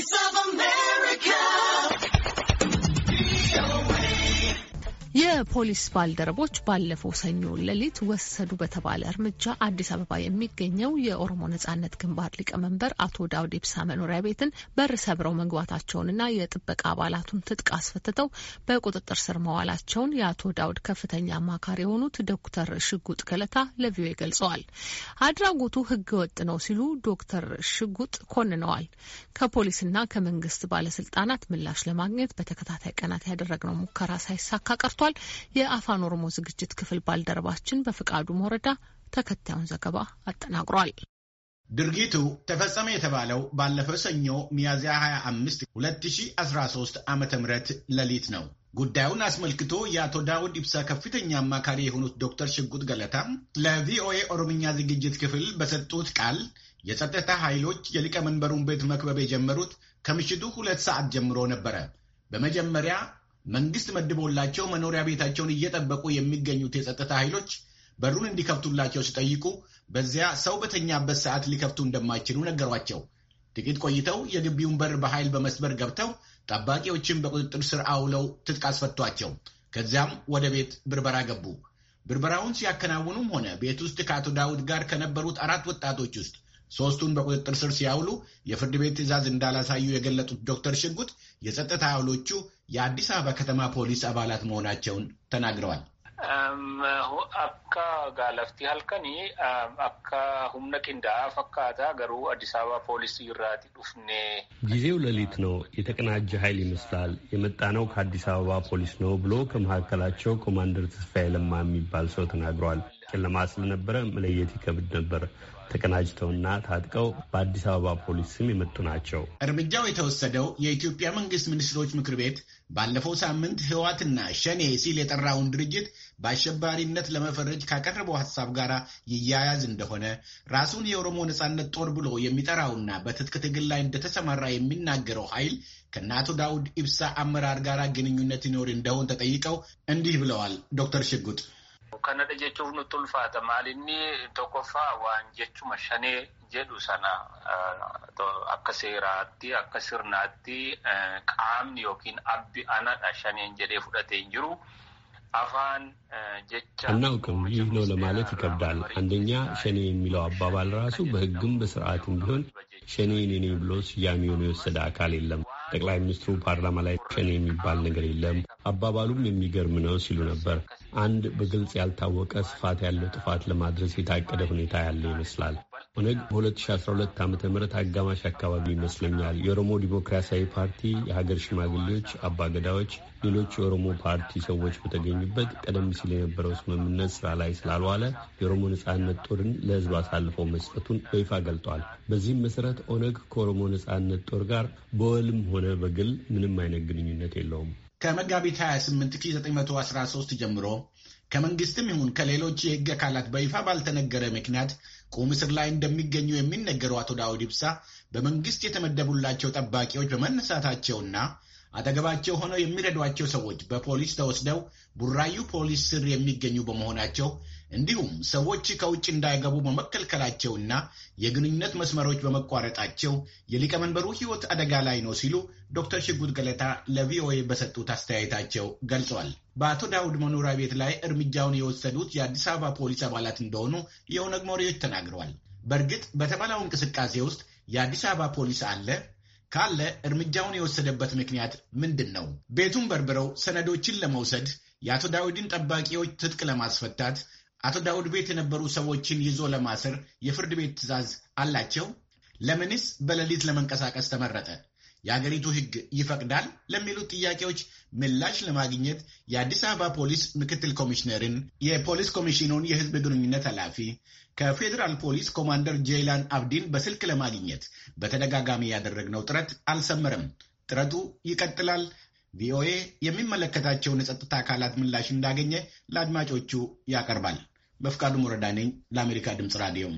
voice of የፖሊስ ባልደረቦች ባለፈው ሰኞ ሌሊት ወሰዱ በተባለ እርምጃ አዲስ አበባ የሚገኘው የኦሮሞ ነጻነት ግንባር ሊቀመንበር አቶ ዳውድ ኢብሳ መኖሪያ ቤትን በር ሰብረው መግባታቸውንና የጥበቃ አባላቱን ትጥቅ አስፈትተው በቁጥጥር ስር መዋላቸውን የአቶ ዳውድ ከፍተኛ አማካሪ የሆኑት ዶክተር ሽጉጥ ገለታ ለቪኦኤ ገልጸዋል። አድራጎቱ ሕገ ወጥ ነው ሲሉ ዶክተር ሽጉጥ ኮንነዋል። ከፖሊስና ከመንግስት ባለስልጣናት ምላሽ ለማግኘት በተከታታይ ቀናት ያደረግነው ሙከራ ሳይሳካ ቀርቷል። የአፋን ኦሮሞ ዝግጅት ክፍል ባልደረባችን በፍቃዱ ወረዳ ተከታዩን ዘገባ አጠናቅሯል። ድርጊቱ ተፈጸመ የተባለው ባለፈው ሰኞ ሚያዝያ 25 2013 ዓ ም ሌሊት ነው። ጉዳዩን አስመልክቶ የአቶ ዳውድ ኢብሳ ከፍተኛ አማካሪ የሆኑት ዶክተር ሽጉጥ ገለታ ለቪኦኤ ኦሮምኛ ዝግጅት ክፍል በሰጡት ቃል የጸጥታ ኃይሎች የሊቀመንበሩን ቤት መክበብ የጀመሩት ከምሽቱ ሁለት ሰዓት ጀምሮ ነበረ። በመጀመሪያ መንግስት መድቦላቸው መኖሪያ ቤታቸውን እየጠበቁ የሚገኙት የጸጥታ ኃይሎች በሩን እንዲከፍቱላቸው ሲጠይቁ በዚያ ሰው በተኛበት ሰዓት ሊከፍቱ እንደማይችሉ ነገሯቸው። ጥቂት ቆይተው የግቢውን በር በኃይል በመስበር ገብተው ጠባቂዎችን በቁጥጥር ስር አውለው ትጥቅ አስፈቷቸው። ከዚያም ወደ ቤት ብርበራ ገቡ። ብርበራውን ሲያከናውኑም ሆነ ቤት ውስጥ ከአቶ ዳውድ ጋር ከነበሩት አራት ወጣቶች ውስጥ ሶስቱን በቁጥጥር ስር ሲያውሉ የፍርድ ቤት ትዕዛዝ እንዳላሳዩ የገለጡት ዶክተር ሽጉት የጸጥታ ኃይሎቹ የአዲስ አበባ ከተማ ፖሊስ አባላት መሆናቸውን ተናግረዋል። um, uh, uh, Akka gaalaftii halkanii akka humna qindaa'aa fakkaata garuu አዲስ አበባ ፖሊስ ይራት ዱፍኔ ጊዜው ሌሊት ነው። የተቀናጀ ኃይል ይመስላል። የመጣነው ከአዲስ አበባ ፖሊስ ነው ብሎ ከመካከላቸው ኮማንደር ተስፋዬ ለማ የሚባል ሰው ተናግሯል። ጨለማ ስለነበረ መለየት ይከብድ ነበር። ተቀናጅተውና ታጥቀው በአዲስ አበባ ፖሊስ ስም የመጡ ናቸው። እርምጃው የተወሰደው የኢትዮጵያ መንግስት ሚኒስትሮች ምክር ቤት ባለፈው ሳምንት ህወሓትና ሸኔ ሲል የጠራውን ድርጅት በአሸባሪነት ለመፈረጅ ልጅ ካቀረበው ሀሳብ ጋር ይያያዝ እንደሆነ ራሱን የኦሮሞ ነጻነት ጦር ብሎ የሚጠራውና በትጥቅ ትግል ላይ እንደተሰማራ የሚናገረው ኃይል ከእነ አቶ ዳውድ ኢብሳ አመራር ጋር ግንኙነት ይኖር እንደሆን ተጠይቀው እንዲህ ብለዋል። ዶክተር ሽጉጥ ከነደ ጀቹን ቱልፋተ ማሊኒ ቶኮፋ ዋን ጀቹ መሸኔ ጀዱ ሰና አከ ሴራቲ አከ ስርናቲ ቃምኒ ዮኪን አቢ አና ሸኔን ጀዴ ፉደቴ እንጅሩ አናውቅም። ይህ ነው ለማለት ይከብዳል። አንደኛ ሸኔ የሚለው አባባል ራሱ በህግም በስርዓትም ቢሆን ሸኔ ኔኔ ብሎ ስያሜውን የወሰደ አካል የለም። ጠቅላይ ሚኒስትሩ ፓርላማ ላይ ሸኔ የሚባል ነገር የለም፣ አባባሉም የሚገርም ነው ሲሉ ነበር። አንድ በግልጽ ያልታወቀ ስፋት ያለው ጥፋት ለማድረስ የታቀደ ሁኔታ ያለ ይመስላል። ኦነግ በ2012 ዓ ም አጋማሽ አካባቢ ይመስለኛል የኦሮሞ ዲሞክራሲያዊ ፓርቲ የሀገር ሽማግሌዎች፣ አባገዳዎች፣ ሌሎች የኦሮሞ ፓርቲ ሰዎች በተገኙበት ቀደም ሲል የነበረው ስምምነት ስራ ላይ ስላልዋለ የኦሮሞ ነጻነት ጦርን ለህዝብ አሳልፈው መስጠቱን በይፋ ገልጧል። በዚህም መሰረት ኦነግ ከኦሮሞ ነጻነት ጦር ጋር በወልም ሆነ በግል ምንም አይነት ግንኙነት የለውም። ከመጋቢት 28 1913 ጀምሮ ከመንግስትም ይሁን ከሌሎች የህግ አካላት በይፋ ባልተነገረ ምክንያት ቁም እስር ላይ እንደሚገኙ የሚነገሩ አቶ ዳውድ ኢብሳ በመንግስት የተመደቡላቸው ጠባቂዎች በመነሳታቸውና አጠገባቸው ሆነው የሚረዷቸው ሰዎች በፖሊስ ተወስደው ቡራዩ ፖሊስ ስር የሚገኙ በመሆናቸው እንዲሁም ሰዎች ከውጭ እንዳይገቡ በመከልከላቸውና የግንኙነት መስመሮች በመቋረጣቸው የሊቀመንበሩ ሕይወት አደጋ ላይ ነው ሲሉ ዶክተር ሽጉት ገለታ ለቪኦኤ በሰጡት አስተያየታቸው ገልጿል። በአቶ ዳውድ መኖሪያ ቤት ላይ እርምጃውን የወሰዱት የአዲስ አበባ ፖሊስ አባላት እንደሆኑ የኦነግ መሪዎች ተናግረዋል። በእርግጥ በተባለው እንቅስቃሴ ውስጥ የአዲስ አበባ ፖሊስ አለ ካለ እርምጃውን የወሰደበት ምክንያት ምንድን ነው? ቤቱን በርብረው ሰነዶችን ለመውሰድ የአቶ ዳዊድን ጠባቂዎች ትጥቅ ለማስፈታት አቶ ዳውድ ቤት የነበሩ ሰዎችን ይዞ ለማሰር የፍርድ ቤት ትዕዛዝ አላቸው? ለምንስ በሌሊት ለመንቀሳቀስ ተመረጠ? የአገሪቱ ሕግ ይፈቅዳል ለሚሉት ጥያቄዎች ምላሽ ለማግኘት የአዲስ አበባ ፖሊስ ምክትል ኮሚሽነርን፣ የፖሊስ ኮሚሽኑን የህዝብ ግንኙነት ኃላፊ፣ ከፌዴራል ፖሊስ ኮማንደር ጄይላን አብዲን በስልክ ለማግኘት በተደጋጋሚ ያደረግነው ጥረት አልሰመረም። ጥረቱ ይቀጥላል። ቪኦኤ የሚመለከታቸውን የጸጥታ አካላት ምላሽ እንዳገኘ ለአድማጮቹ ያቀርባል። በፍቃዱ ወረዳ ነኝ ለአሜሪካ ድምፅ ራዲዮም